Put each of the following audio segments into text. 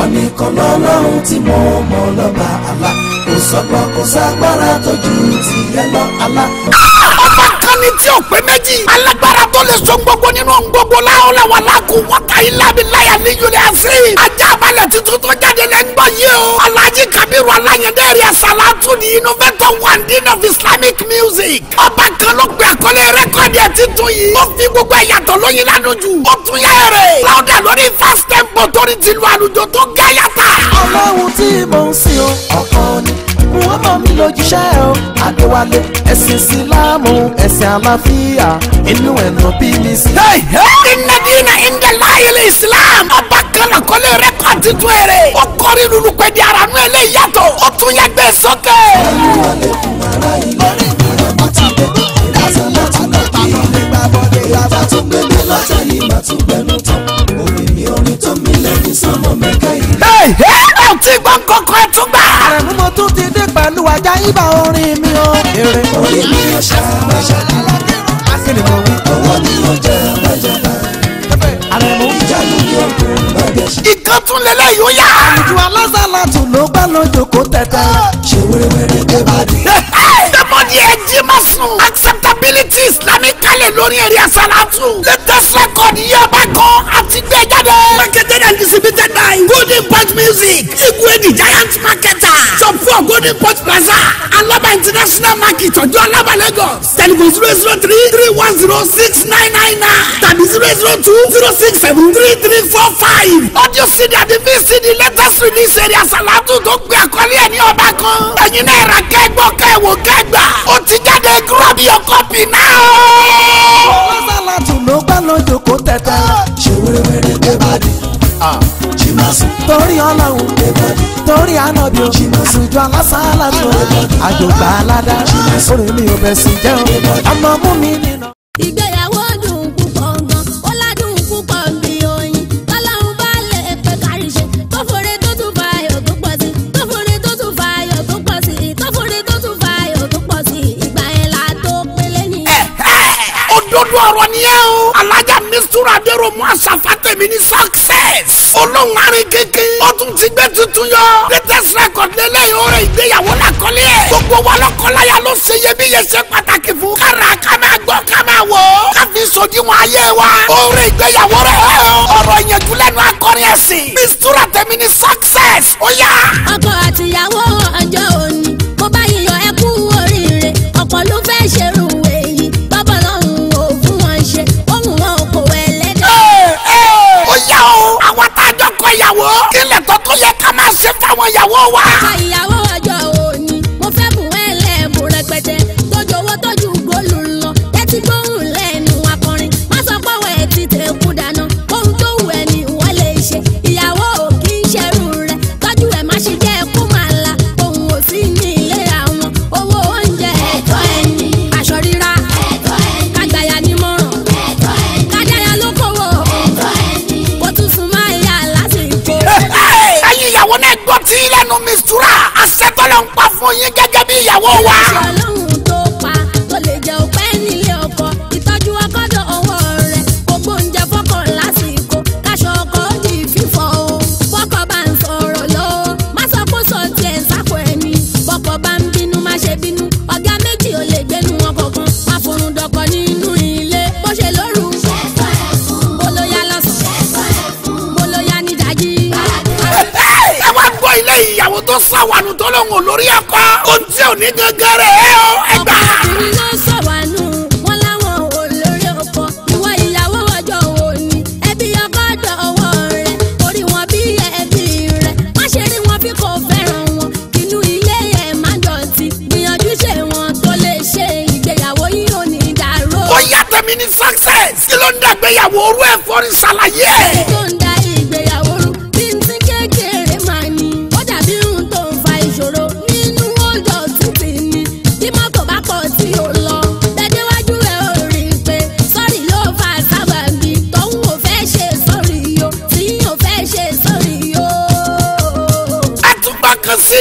ìwọ nìkan lọ́lọ́run tí mo mọ̀ lọ́ba àlá kò sọ́gbọ́n kò ságbára tó ju tìyẹ lọ àlá ẹni tí ò pé méjì alágbára tó lè so gbogbo nínú gbogbo láwọn làwọn aláàkú wọ́tá ilé mi láyà ní yunifásí ajá balẹ̀ tuntun tó jáde lẹ́ ń gbọ́ yé o alhaji kabiru alayande rẹ̀ salatu di innovator one dean of islamic music ọba kan ló pe àkọlé rẹ́kọ̀dì ẹ̀ titun yìí ó fi gbogbo ẹ̀yàtọ̀ lóyin lánàjú ó tún yá èrè láwùdà lórí fast tempo torí tìlú àlùjọ tó gáyàtà. ọlọ́run tí mò ń sìn ọ́ ni wọ́n bá mi lójúṣẹ́ o Adéwálé ẹ̀sìn sílámù ẹ̀sìn àlàáfíà inú ẹ̀nà bí sí. iná dínà ìndẹ̀ láyélé Islam ọba kan àkọlé rẹ́kọ̀dì tún èrè ó kọrin lulu pẹ̀lú ara nú ẹlẹ́yìí yàtọ̀ ó tún yẹ gbé sókè. Adéwálé fún ara ìlú rẹ̀ kò tí ì bẹ̀rẹ̀ lásán láti lọ olúwa já ibà orin mi o. èrè orí mi ò ṣá máṣálá akéde mọ̀ wí. owó mi ò jẹ́ máṣálá. àrẹ̀mú jáde ní ọkùnrin bàjẹ́. ìkan tún lélẹ̀ yóò yá. ìjọ alásàlá tún ló gbá lójókòó tẹ̀tẹ̀. ṣé wẹ́rẹ́wẹ́rẹ́ dé bá dé. dẹ́mọ̀ ni ẹ jí má sùn. àti unity islamic kalẹ̀ lórí ẹ̀rí asalatu. latest record yìí ọba kan àti gbé e jáde. marketed and distributed by golden pot music igwe the giant marketer shop four golden pot plaza alaba international market ọjọ́ alaba lagos telephone zero zero three three one zero six nine nine nine tàbí zero zero two zero six seven three three four five. audio cd àti vcd latest release ẹ̀rí asalatu tó gbé akọ́lé ẹ̀ ní ọba kan. ẹ̀yin náà ra kẹ́gbọ́ kẹ́wò kẹ́gbà. ó ti jáde grab your copy ta o. lọ́sàlá tù ló gbà lójú kó tẹ̀tẹ̀. ṣe wẹ́rẹ́wẹ́rẹ́ gbé bàdí. jìmọ̀sí. torí ọlọ́run gbé bàdí. torí ànábì o. jìmọ̀sí. àjọ alásàlá tù àjògbà aládá. jìmọ̀sí. orin mi ò bẹ̀ sí jẹ́ o. ọmọ mú mi nínú. ìgbéyàwó Fatura Adéròmù Àṣàfàtẹ̀mí ní success. Olóhùn arin kékeré. Ó tún ti gbé tuntun yọ. Latest record lélẹ́yìn orin ìgbéyàwó làkọ́lé ẹ̀. Gbogbo wa lọ́kọ́láya ló ṣe iyebíye ṣe pàtàkì fún. Kára ká máa gbọ́ ká máa wò ó. Ká fi sojú wọn ayé wa. Orin ìgbéyàwó rẹ̀ ọ̀rọ̀ ìyẹ̀jú lẹ́nu akọrin ẹ̀sìn. Mistura tẹ̀mí ní success. Ó yá. Ọkọ àtìyàwó ọjọ́ òní. Mo bá yíyọ ẹ kú oríire. Ọ̀pọ̀ ló fẹ́ ṣerú. wo. kílẹ̀ tó tó yẹ ká máa ṣe fáwọn ìyàwó wa. ìyàwó ẹnu mistura àṣẹ tọ́lọ̀ ń pa fún yín gẹ́gẹ́ bí ìyàwó wa. tó sọ wà nù tó lóhùn olórí ẹ̀kọ́ ohun tí ò ní gangan rẹ̀ ẹ́ o ẹ gbà. ọkùnrin ló sọ wà nù wọn láwọn olórí ọkọ ìwọ ìyàwó ọjọ́ wo ni ẹbí ọkọ dọ̀ ọwọ́ rẹ̀ orí wọn bí ẹbí rẹ̀ success kí ló ń dàgbéyàwó orú ẹ̀fọ́ ní ṣàlàyé. tó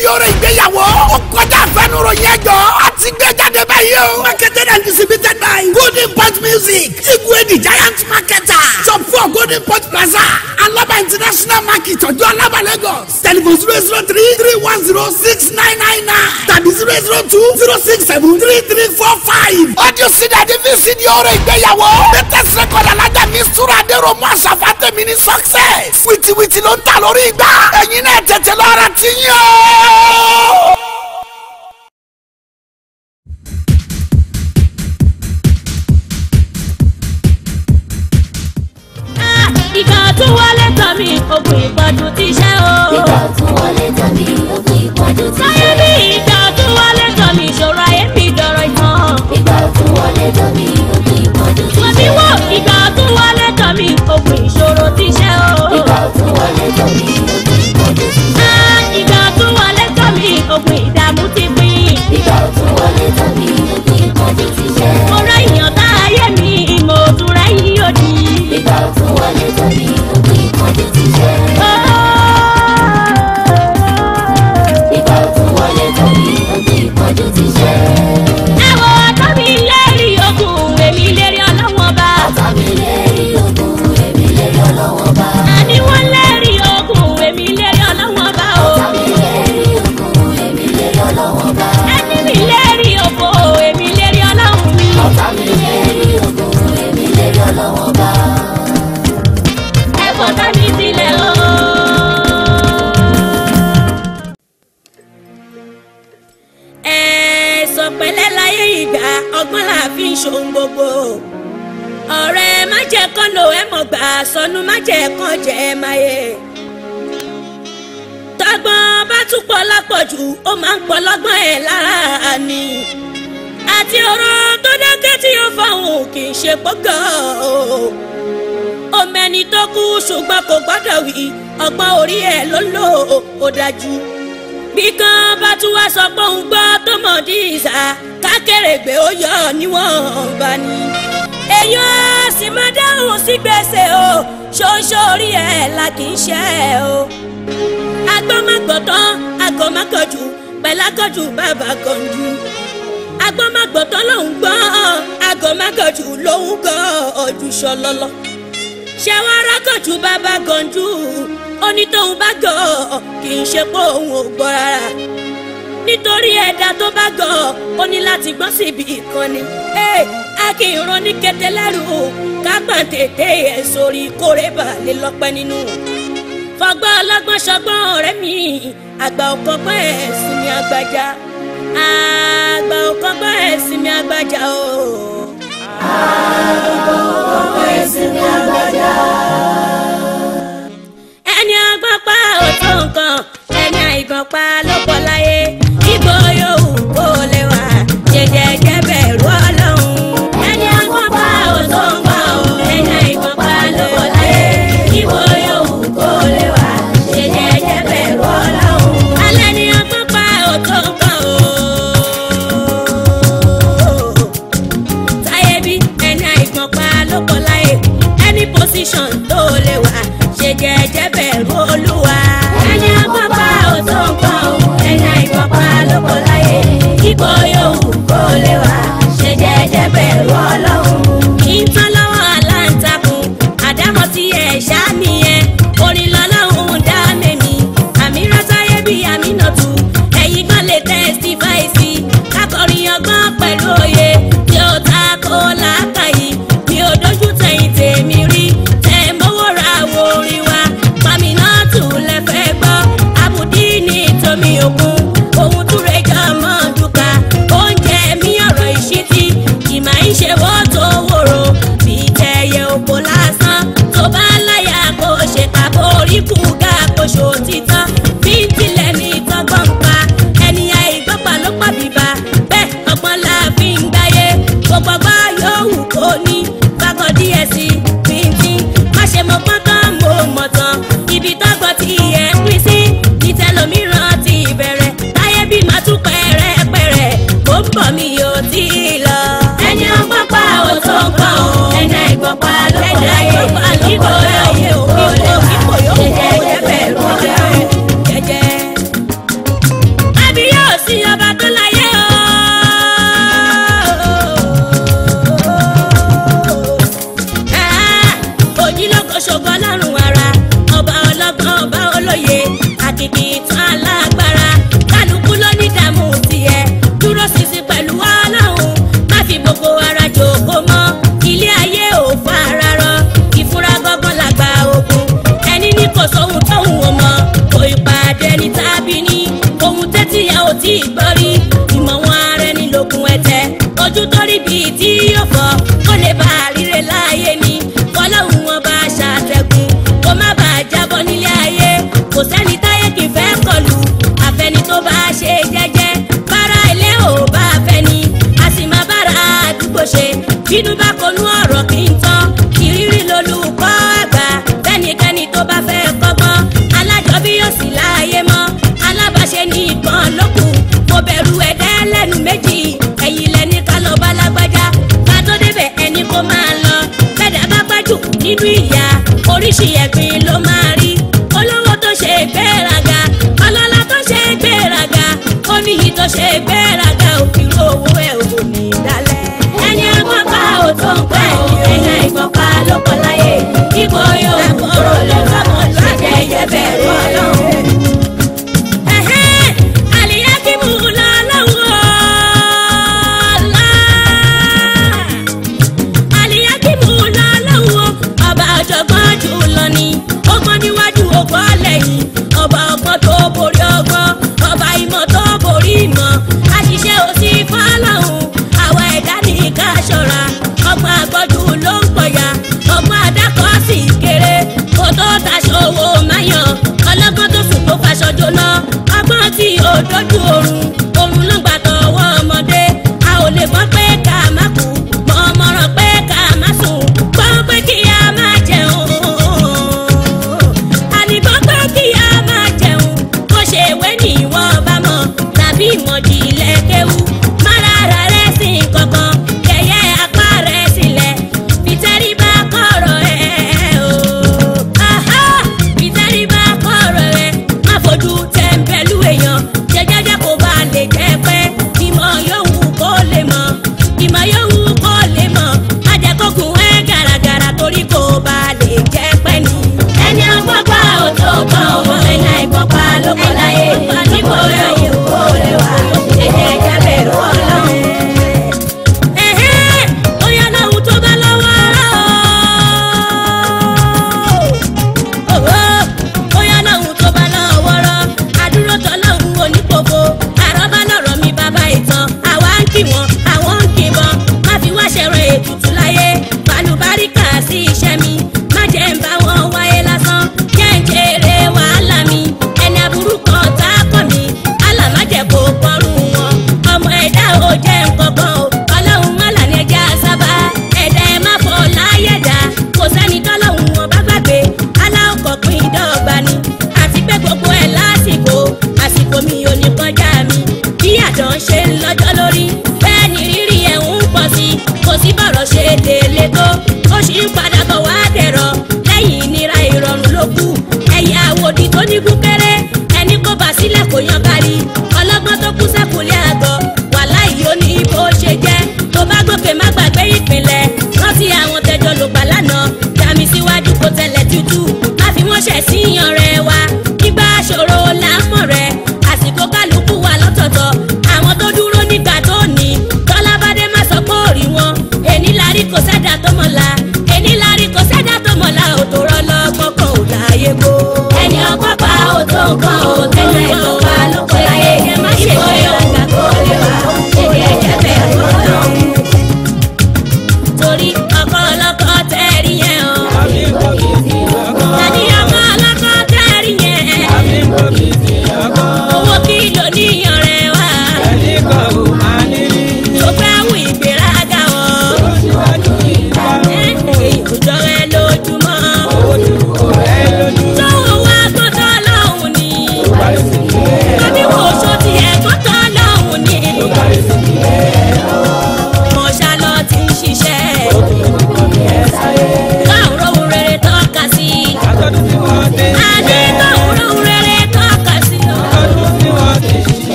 di ọ̀rọ̀ ìgbéyàwó. ó kọjá àfẹnuròyìn ẹjọ́ àti gbẹjà báyìí marketed and distributed by golden pot music igwe giant marketer shop for golden pot plaza alaba international market ọjọ́ alaba lagos telephone zero zero three three one zero six nine nine nine tàbí zero zero two zero six seven three three four five. audio sinna di vcd ọ̀rọ̀ ìgbéyàwó. latest record alájà mi sura adéró mú àṣàfà tèmi ní success. wìtìwìtì ló ń ta lórí igbá. ẹ̀yin náà tètè lọ́ra ti yàn. mi ògùn ìgbọ̀dún ti ṣẹ́ o. ìgbọ̀dún wọlé. ṣe gbọ́ngàn o. ọmọ ẹni tó kú ṣùgbọ́n kò gbọ́dọ̀ wí ọgbọ́n orí ẹ̀ ló lò ó dájú. bí kan bá tún wá sọ pé òun gbọ́ tó mọ̀ dí ìsà kákèrègbè ó yọ níwọ̀n bá ní. èèyàn sì máa dáhùn sí gbèsè o ṣoṣo orí ẹ̀ la kì í ṣe o. agbọ́mọgbọ̀tán agọ́mọkànjú pẹ̀lákànjú bàbá kànjú agbọ́mọgbọ̀tán lòún gbọ́n magomagojú lòun gan ojú ṣọlọlọ ṣé wọn baba bàbá oni onítọ̀hún bá gàn kì í ṣe pé òun ò gbọ́ rárá nítorí ẹ̀dá tó bá gàn ó ní láti gbọ́n síbi ìkànnì a kì í ran ní kété lẹ́rù kápáǹtètè ẹ̀ sórí kórè balẹ̀ lọ́pẹ́ nínú fọgbọ́n ọlọ́gbọ́n ṣọgbọ́n ọ̀rẹ́ mi àgbà ọ̀kọ́gbọ́n ẹ̀sìn mi àgbàjá àgbà ọ̀kọ́gbọ́n ẹ̀sìn mi àgbàjá ooo ẹni agbọ́pá ò tó nǹkan ẹni àìgbọ́pá.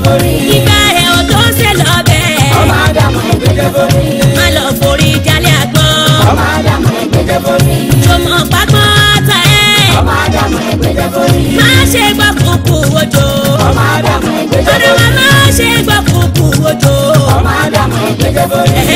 gbẹjẹ borí. ìgbà rẹ̀ ò tó ń ṣe lọ́bẹ̀. ọmọ àdàmọ̀ ẹ̀ gbẹjẹ borí. má lọ forí jalè àgbọ̀. ọmọ àdàmọ̀ ẹ̀ gbẹjẹ borí. jọmọ pápá ta ẹ̀. ọmọ àdàmọ̀ ẹ̀ gbẹjẹ borí. má ṣe gbọ́ kúkú ojò. ọmọ àdàmọ̀ ẹ̀ gbẹjẹ borí. wa má ṣe gbọ́ kúkú ojò. ọmọ àdàmọ̀ ẹ̀ gbẹjẹ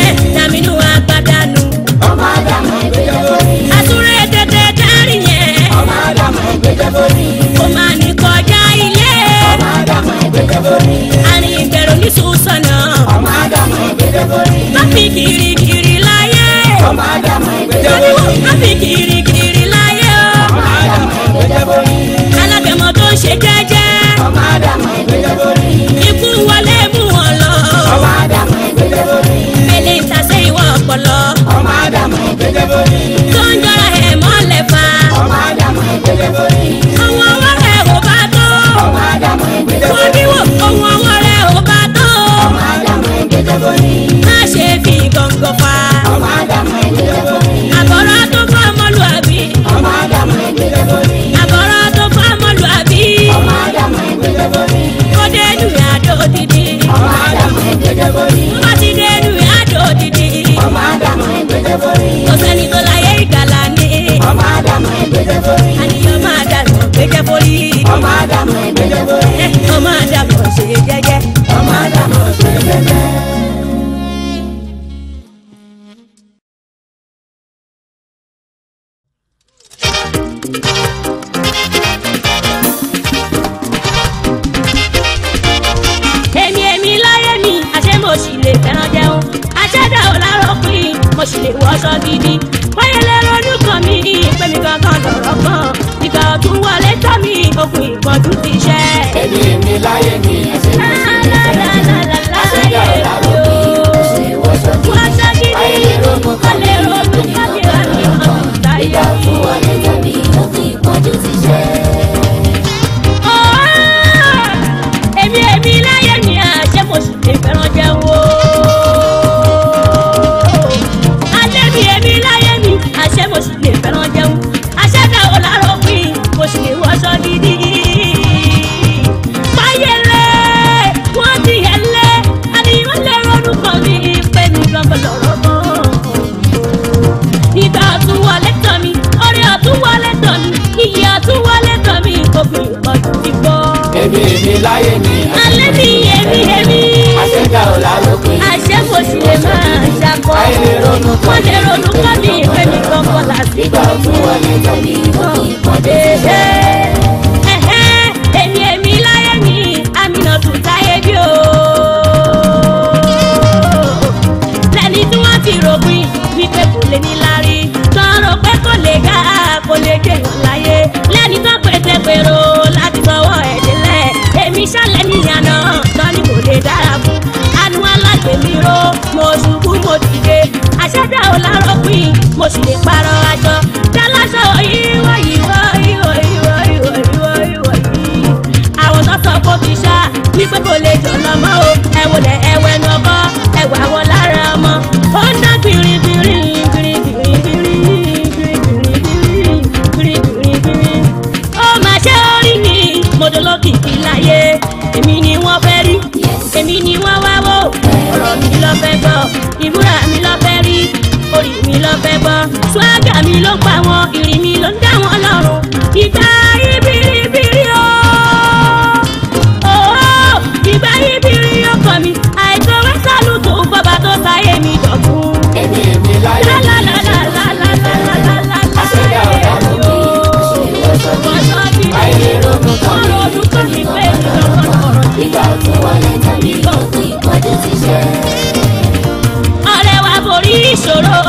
gbèsè borí. kò sẹ́ni tó láyé ìgbàlà ni. ọmọ àdàmú ẹ̀ gbèsè borí. àníyàn máa dànù gbèsè borí. ọmọ àdàmú ẹ̀ jẹ́jẹ́. ọmọ àdàmú ṣe jẹ́jẹ́. wọṣọ gidi wáyẹlẹ ronú kan mi pé mi kankan lọ̀rọ̀ kan ìgbà ọ̀tún wọlé tán mi okùn ìbọn tún ti ṣẹ́. èmi mi láyé mi ẹsẹ̀ mi. mi láyé mi. alẹ́ mi èmi èmi. àṣẹ̀dá ò lárògbé. àṣẹ kò sì lè máa ṣàkọ. ayé lè ronú kọ́ wọ́n lè ronú kọ́ mi ìfẹ́ mi gbọ́ngàn láti. ìgbà òtún wọlé tẹ̀lé ìmọ̀ ìmọ̀dé. ẹlẹ́dà ò lárọ́ pin mo sì lè parọ́ àjọ dáláṣọ ìwọ ìwọ ìwọ ìwọ ìwọ ìwọ ìwọ yìí àwọn tó sọ fún mi ṣá wípé kò lè. ìṣòro.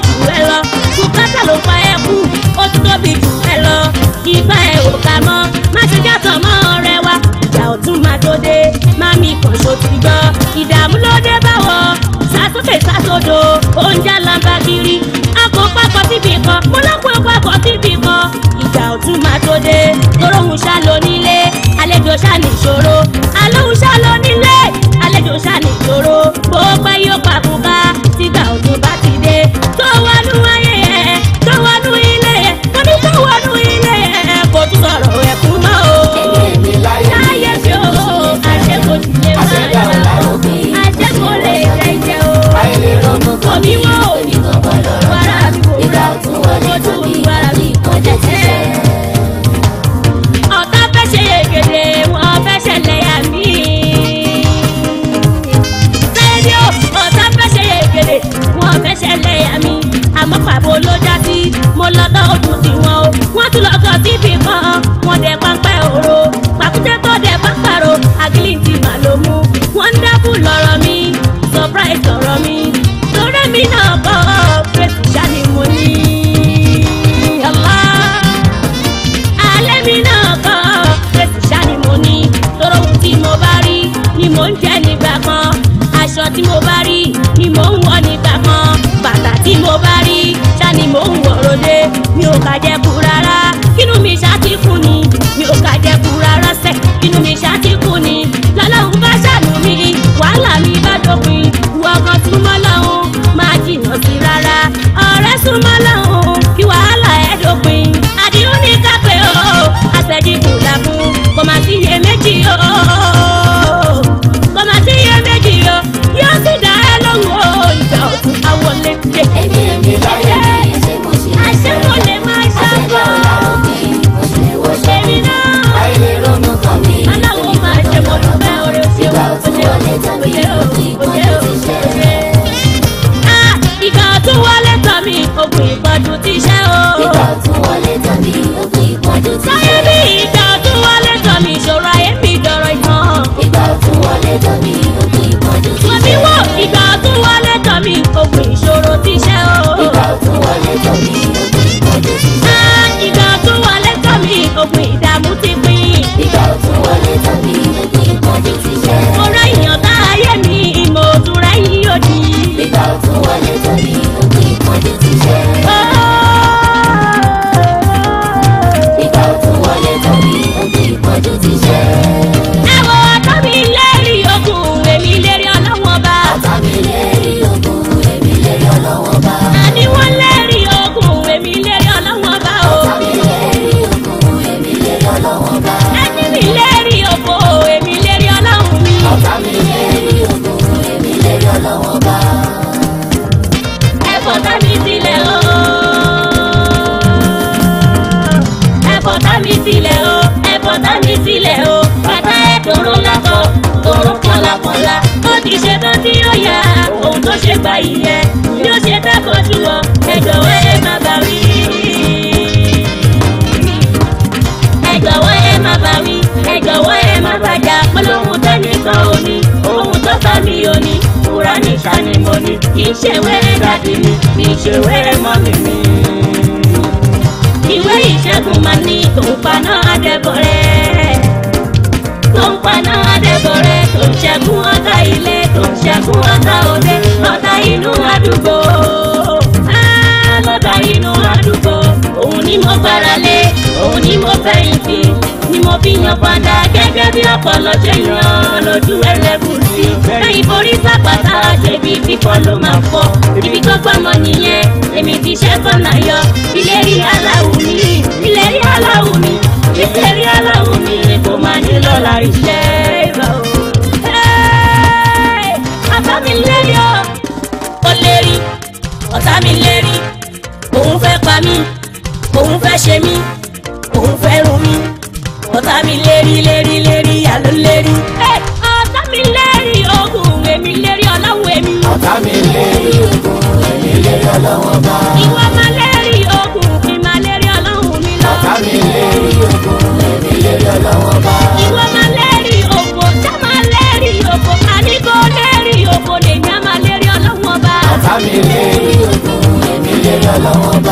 tóbi jù ẹ lọ bùkátà ló fa ẹ kú ó tún tóbi jù ẹ lọ ìgbà ẹ ò kà mọ́ má ṣe jàtọ̀ mọ́ ọ̀rẹ́ wa ìjà ọ̀tún máa tó dé má mi kàn ṣó ti gbọ́ ìdààmú ló dé báwọ̀ sásókè sásódò oúnjẹ lamba kiri akópakọ síbi kan mo lọ́pọ̀ ìpakọ̀ síbi kan ìjà ọ̀tún máa tó dé toróhùn ṣá lónílé àlejò ṣá nìṣòro á mọ́mì mi. ìwé ìṣẹ́gun máa ní tòun paná adẹ́bọ̀rẹ́ tòun paná adẹ́bọ̀rẹ́ tòun ṣẹ́gun ọ̀tá ilé inú àdúgbò ni mo gbára lé òun ni mo fẹ̀yìntì ni mo fi yan padà gẹ́gẹ́ bí ọpọlọ ṣe yan lójú ẹlẹ́kùn sí. lẹ́yìn borí sápàtà jẹ̀bi fífọ́ ló máa fọ́ ibi tó gbọ́mọ nìyẹn èmi ti ṣẹ́ fọ́nà yọ ilé rí aláwù mi ilé rí aláwù mi ilé rí aláwù mi kò máa ní lọ́la iṣẹ́ ọ̀tá mi lérí òun fẹ́ pa mí òun fẹ́ ṣe mí òun fẹ́ run mí ọ̀tá mi lérí lérí lérí àló lérí. ọ̀tá mi lérí ogun èmi lérí ọlọ́run èmi. ọ̀tá mi lérí ogun èmi lérí ọlọ́run ọba. ìwọ máa lérí ogun kí máa lérí ọlọ́run mi lọ. ọ̀tá mi lérí ogun èmi lérí ọlọ́run ọba. ìwọ máa lérí ògo já máa lérí ògo àníkó lérí ògo lèmi á máa lérí ọlọ́run ọba. ọ̀tá mi lérí ogun èmi lérí ọlọ́run ọba.